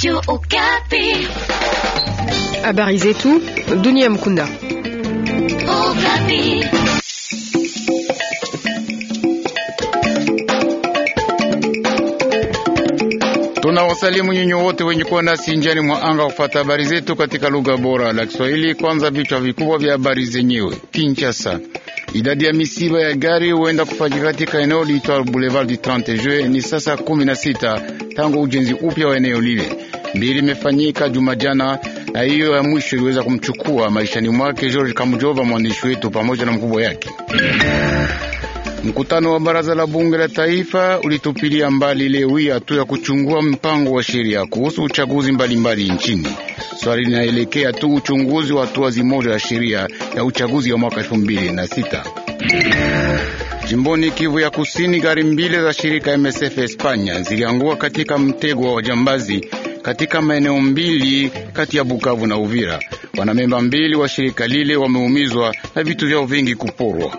Radio Okapi. Habari zetu dunia mkunda. Okapi. wasalimu nyinyi wote wenye kuwa nasi njiani mwa anga kufata habari zetu katika lugha bora la Kiswahili. Kwanza vichwa vikubwa vya habari zenyewe. Kinshasa, idadi ya misiba ya gari huenda kufanyika katika eneo liitwa Boulevard du 30 Juin ni sasa 16 tangu ujenzi upya wa eneo lile mbili imefanyika Jumajana, na hiyo ya mwisho iliweza kumchukua maishani mwake George Kamujova, mwandishi wetu, pamoja na mkubwa yake. Mkutano wa baraza la bunge la taifa ulitupilia mbali leo hii hatua ya kuchungua mpango wa sheria kuhusu uchaguzi mbalimbali mbali nchini. Swali linaelekea tu uchunguzi wa hatua zimoja ya sheria ya uchaguzi wa mwaka elfu mbili na sita. Jimboni Kivu ya Kusini, gari mbili za shirika MSF Espanya zilianguka katika mtego wa wajambazi katika maeneo mbili kati ya Bukavu na Uvira. Wanamemba mbili wa shirika lile wameumizwa na vitu vyao vingi kuporwa.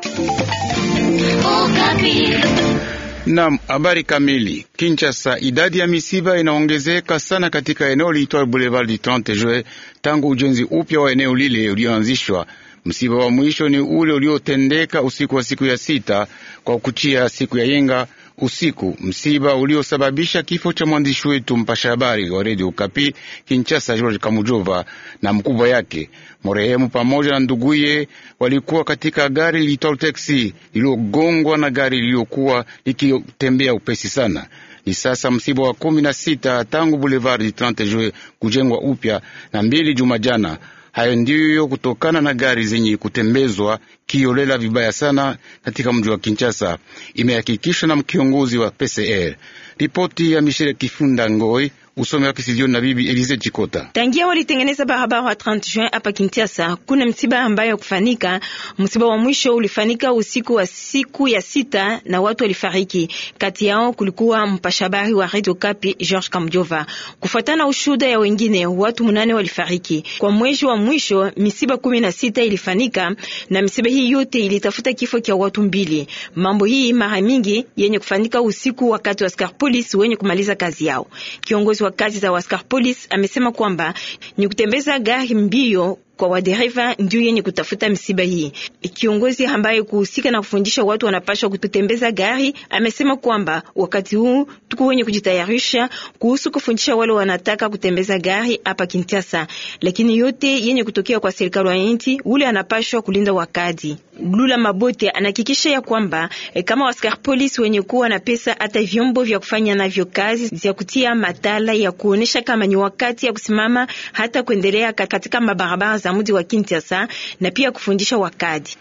Nam, habari kamili. Kinshasa, idadi ya misiba inaongezeka sana katika eneo liitwa Boulevard du 30 Juin tangu ujenzi upya wa eneo lile ulioanzishwa. Msiba wa mwisho ni ule uliotendeka usiku wa siku ya sita kwa kuchia siku ya yenga usiku msiba uliosababisha kifo cha mwandishi wetu mpasha habari wa redio Ukapi Kinchasa, George Kamujova na mkubwa yake marehemu pamoja na nduguye walikuwa katika gari liitwalo teksi lililogongwa na gari liliyokuwa likitembea upesi sana. Ni sasa msiba wa kumi na sita tangu Boulevard Trente Juin kujengwa upya na mbili juma jana. Hayo ndiyo kutokana na gari zenye kutembezwa kiolela vibaya sana katika mji wa Kinshasa, imehakikishwa na mkiongozi wa PCL. Ripoti ya Michele Kifunda Ngoi usome wa studioni na bibi Elize Chikota. Tangia walitengeneza barabara wa 30 Juin hapa Kinshasa, kuna msiba ambayo kufanika. Msiba wa mwisho ulifanika usiku wa siku ya sita na watu walifariki. Kati yao kulikuwa mpashabari wa Radio Kapi George Kamjova. Kufuatana ushuda ya wengine, watu munane walifariki. Kwa mwezi wa mwisho misiba 16 ilifanika na misiba hii yote ilitafuta kifo cha watu mbili. Mambo hii mara mingi yenye kufanyika usiku wakati wa askari polisi wenye kumaliza kazi yao. Kiongozi wa kazi za askari polisi amesema kwamba ni kutembeza gari mbio kwa wadereva ndio yenye kutafuta msiba hii. Kiongozi ambaye kuhusika na kufundisha watu wanapaswa kutembeza gari amesema kwamba wakati huu tuko wenye kujitayarisha kuhusu kufundisha wale wanataka kutembeza gari hapa Kinshasa, lakini yote yenye kutokea kwa serikali ya nchi ule anapaswa kulinda wakati. Lula Mabote anahakikisha ya kwamba e, kama askari polisi wenye kuwa na pesa hata vyombo vya kufanya navyo kazi vya kutia matala ya kuonesha kama ni wakati ya kusimama hata kuendelea katika mabarabara za za mji wa Kinshasa na pia kufundisha wakadi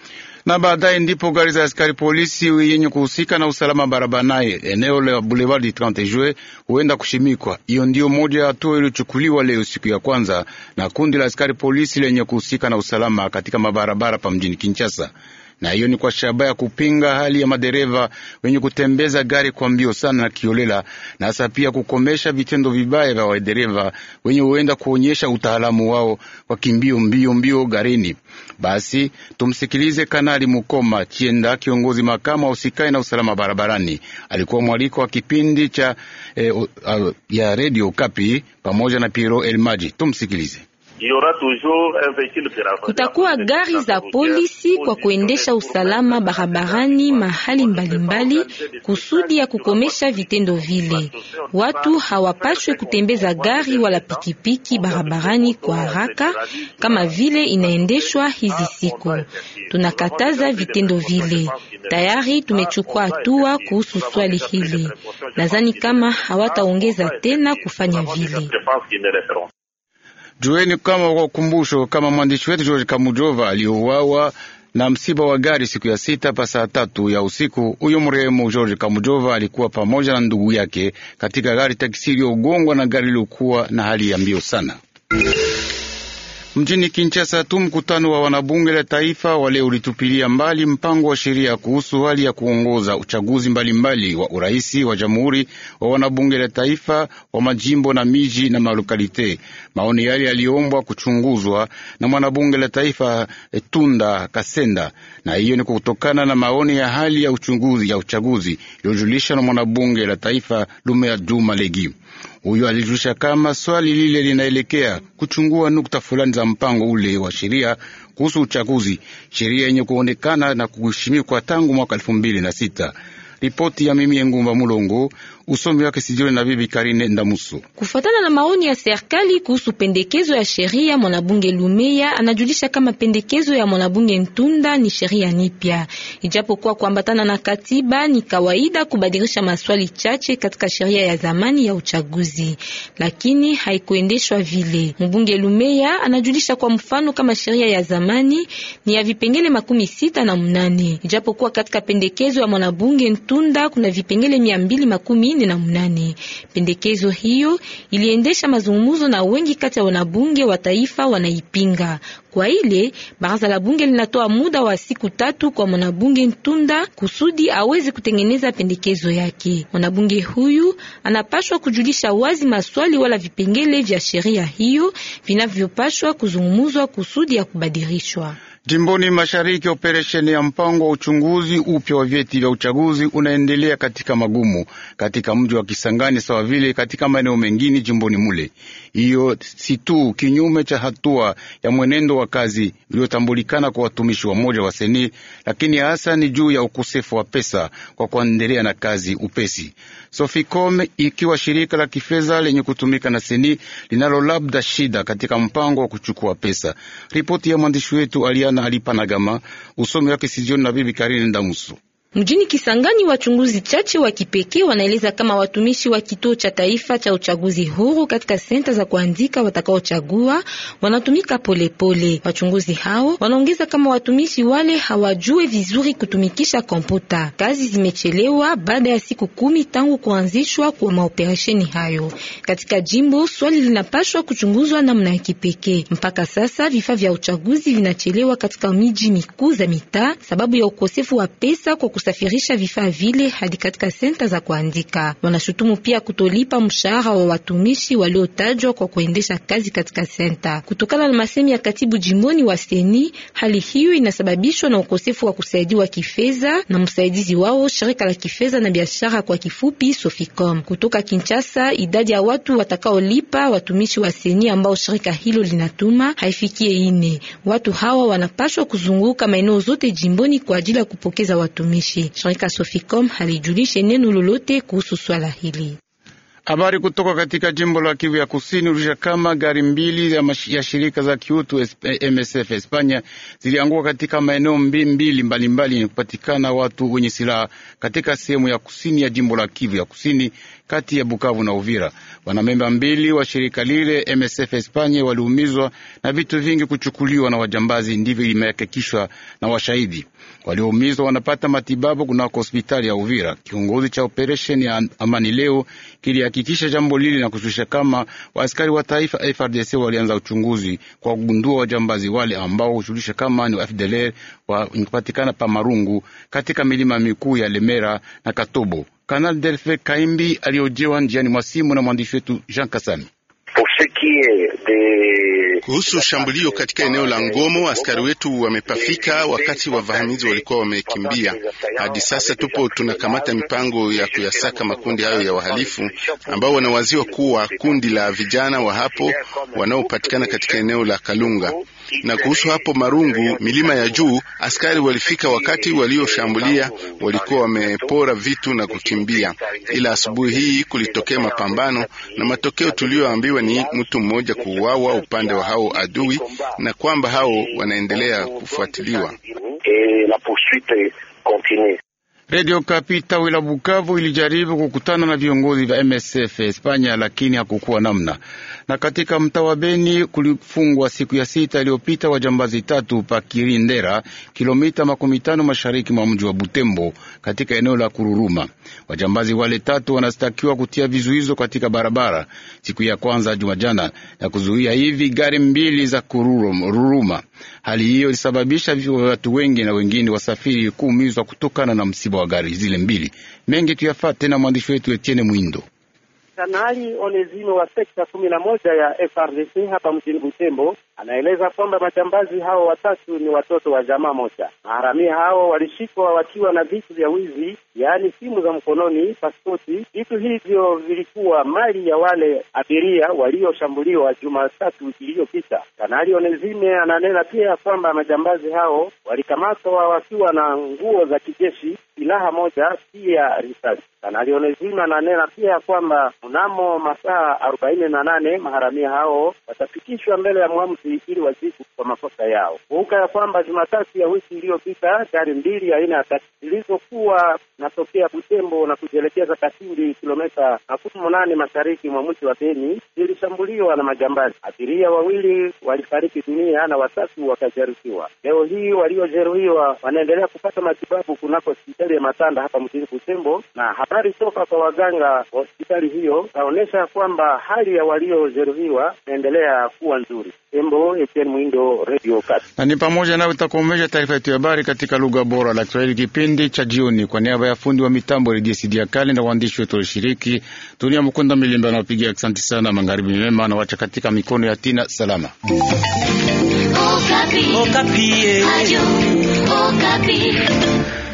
na baadaye ndipo gari za askari polisi yenye kuhusika na usalama barabanaye eneo la Boulevard du 30 Juin huenda kushimikwa. Hiyo ndiyo moja ya hatua iliyochukuliwa leo siku ya kwanza na kundi la askari polisi lenye kuhusika na usalama katika mabarabara pa mjini Kinshasa na hiyo ni kwa shabaha ya kupinga hali ya madereva wenye kutembeza gari kwa mbio sana na kiolela, na hasa pia kukomesha vitendo vibaya vya wadereva wenye huenda kuonyesha utaalamu wao kwa kimbio mbio mbio garini. Basi tumsikilize Kanali Mukoma Chienda, kiongozi makamu wa usikai na usalama barabarani. Alikuwa mwaliko wa kipindi cha eh, ya redio Kapi pamoja na Piro Elmaji. Tumsikilize. Kutakuwa gari za polisi kwa kuendesha usalama barabarani mahali mbalimbali kusudi ya kukomesha vitendo vile. Watu hawapashwe kutembeza gari wala pikipiki barabarani kwa haraka kama vile inaendeshwa hizi siku. Tunakataza vitendo vile. Tayari tumechukua hatua kuhusu swali hili. Nadhani kama hawataongeza tena kufanya vile. Jueni kama kwa ukumbusho, kama mwandishi wetu George Kamujova aliyouawa na msiba wa gari siku ya sita pa saa tatu ya usiku. Huyo mrehemu George Kamujova alikuwa pamoja na ndugu yake katika gari taksi iliyogongwa na gari iliyokuwa na hali ya mbio sana. Mjini Kinshasa tu mkutano wa wanabunge la taifa wale ulitupilia mbali mpango wa sheria kuhusu hali ya kuongoza uchaguzi mbalimbali mbali wa uraisi wa jamhuri wa wanabunge la taifa wa majimbo na miji na malokalite. Maoni yale yaliombwa kuchunguzwa na mwanabunge la taifa eh, Tunda Kasenda, na hiyo ni kutokana na maoni ya hali ya uchunguzi ya uchaguzi iliyojulishwa na mwanabunge la taifa Lumea Juma Legi. Huyo alijulisha kama swali lile linaelekea kuchungua nukta fulani za mpango ule wa sheria kuhusu uchaguzi, sheria yenye kuonekana na kuheshimikwa tangu mwaka elfu mbili na sita. Ripoti ya mimi Ngumba Mulongo Usomi wake sijiwe na Bibi Karine Ndamuso. Kufatana na maoni ya serikali kuhusu pendekezo ya sheria, mwanabunge Lumeya anajulisha kama pendekezo ya mwanabunge Ntunda ni sheria nipya, ijapokuwa kuambatana na katiba ni kawaida kubadilisha maswali chache katika sheria ya zamani ya uchaguzi, lakini haikuendeshwa vile. Mbunge Lumeya anajulisha kwa mfano kama sheria ya zamani ni ya vipengele makumi sita na mnane ijapokuwa katika pendekezo ya mwanabunge Ntunda kuna vipengele mia mbili makumi ishirini na mnane. Pendekezo hiyo iliendesha mazungumzo na wengi kati ya wanabunge wa taifa wanaipinga. Kwa ile baraza la bunge linatoa muda wa siku tatu kwa mwanabunge Ntunda kusudi aweze kutengeneza pendekezo yake. Mwanabunge huyu anapashwa kujulisha wazi maswali wala vipengele vya sheria hiyo vinavyopashwa kuzungumzwa kusudi ya kubadilishwa. Jimboni mashariki, operesheni ya mpango wa uchunguzi upya wa vyeti vya uchaguzi unaendelea katika magumu katika mji wa Kisangani sawa vile katika maeneo mengine jimboni mule hiyo si tu kinyume cha hatua ya mwenendo wa kazi iliyotambulikana kwa watumishi wa moja wa seni, lakini hasa ni juu ya ukosefu wa pesa kwa kuendelea na kazi upesi. Soficom ikiwa shirika la kifedha lenye kutumika na seni linalo labda shida katika mpango wa kuchukua pesa. Ripoti ya mwandishi wetu Aliana Alipanagama, usomi wake Sijioni na Bibi Karine Ndamusu. Mjini Kisangani wachunguzi chache wa kipekee wanaeleza kama watumishi wa kituo cha taifa cha uchaguzi huru katika senta za kuandika watakaochagua wanatumika polepole pole. Wachunguzi hao wanaongeza kama watumishi wale hawajue vizuri kutumikisha kompyuta. Kazi zimechelewa baada ya siku kumi tangu kuanzishwa kwa maoperesheni hayo katika jimbo. Swali linapashwa kuchunguzwa namna ya kipekee. Mpaka sasa vifaa vya uchaguzi vinachelewa katika miji mikuu za mitaa sababu ya ukosefu wa pesa kwa kusafirisha vifaa vile hadi katika senta za kuandika. Wanashutumu pia kutolipa mshahara wa watumishi waliotajwa kwa kuendesha kazi katika senta. Kutokana na masemi ya katibu jimboni wa seni, hali hiyo inasababishwa na ukosefu wa kusaidiwa kifedha na msaidizi wao shirika la kifedha na biashara kwa kifupi Soficom. Kutoka Kinshasa, idadi ya watu watakaolipa watumishi wa seni ambao shirika hilo linatuma haifikie ine. Watu hawa wanapaswa kuzunguka maeneo zote jimboni kwa ajili ya kupokeza watumishi nchi. Shirika Soficom halijulishe neno lolote kuhusu swala hili. Habari kutoka katika jimbo la Kivu ya Kusini ulisha kama gari mbili ya, ya shirika za kiutu eh, MSF Espanya zilianguka katika maeneo mbili mbalimbali yenye kupatikana watu wenye silaha katika sehemu ya kusini ya jimbo la Kivu ya Kusini kati ya Bukavu na Uvira. Wanamemba mbili wa shirika lile MSF Espanya waliumizwa na vitu vingi kuchukuliwa na wajambazi, ndivyo imehakikishwa na washahidi. Walioumizwa wanapata matibabu kunako hospitali ya Uvira. Kiongozi cha operesheni ya Amani leo kili kuhakikisha jambo lile na kushusha kama waaskari wa taifa eh, FRDC walianza uchunguzi kwa kugundua wajambazi wale ambao hushughulisha kama ni wa FDLR wanapatikana pa Marungu katika milima mikuu ya Lemera na Katobo. Kanal Delfe Kaimbi aliojewa njiani mwa simu na mwandishi wetu Jean Kasani. Kuhusu shambulio katika eneo la Ngomo, askari wetu wamepafika wakati wavahamizi walikuwa wamekimbia. Hadi sasa tupo tunakamata mipango ya kuyasaka makundi hayo ya wahalifu ambao wanawaziwa kuwa kundi la vijana wa hapo wanaopatikana katika eneo la Kalunga. Na kuhusu hapo Marungu, milima ya juu, askari walifika wakati walioshambulia walikuwa wamepora vitu na kukimbia, ila asubuhi hii kulitokea mapambano na matokeo tuliyoambiwa ni mtu mmoja kuuawa upande wa hao adui, na kwamba hao wanaendelea kufuatiliwa. Radio Kapi tawi la Bukavu ilijaribu kukutana na viongozi vya MSF Espanya, lakini hakukuwa namna. Na katika mtaa wa Beni kulifungwa siku ya sita iliyopita wajambazi tatu pa Kirindera, kilomita makumi tano mashariki mwa mji wa Butembo, katika eneo la Kururuma. Wajambazi wale tatu wanastakiwa kutia vizuizo katika barabara siku ya kwanza jumajana na kuzuia hivi gari mbili za Kururuma Hali hiyo ilisababisha vifo vya watu wengi na wengine wasafiri kuumizwa kutokana na msiba wa gari zile mbili. Mengi tuyafate na mwandishi wetu Etienne Mwindo. Kanali Onezimo wa sekta kumi na moja ya FRDC hapa mjini Butembo anaeleza kwamba majambazi hao watatu ni watoto wa jamaa moja. Maharamia hao walishikwa wakiwa na vitu vya wizi, yaani simu za mkononi, pasipoti. Vitu hivyo vilikuwa mali ya wale abiria walioshambuliwa Jumatatu iliyopita. Kanali Onezime ananena pia kwamba majambazi hao walikamatwa wakiwa na nguo za kijeshi, silaha moja, pia risasi. Kanali na nena pia kwamba mnamo masaa arobaini na nane maharamia hao watafikishwa mbele ya mwamuzi ili wajibu kwa makosa yao. Kumbuka ya kwamba Jumatatu ya wiki iliyopita gari mbili aina ya taksi zilizokuwa natokea Butembo na kujielekeza Kasindi, kilomita makumi munane mashariki mwa mji wa Beni zilishambuliwa na majambazi. Abiria wawili walifariki dunia na watatu wakajeruhiwa. Leo hii waliojeruhiwa wanaendelea kupata matibabu kunako hospitali ya Matanda hapa mjini Butembo na Habari toka kwa waganga wa hospitali hiyo naonyesha kwamba hali ya waliojeruhiwa inaendelea kuwa nzuri. Embo Etienne Mwindo, Radio Kati. Na ni pamoja nayo itakomesha taarifa yetu ya habari katika lugha bora la Kiswahili kipindi cha jioni, kwa niaba ya fundi wa mitambo Redio ya Kale na waandishi wetu walishiriki, Dunia Mkunda Milimba anawapigia asante sana, magharibi mema na wacha katika mikono ya Tina salama. Okapi. Okapi. Eh. Ayu, Okapi.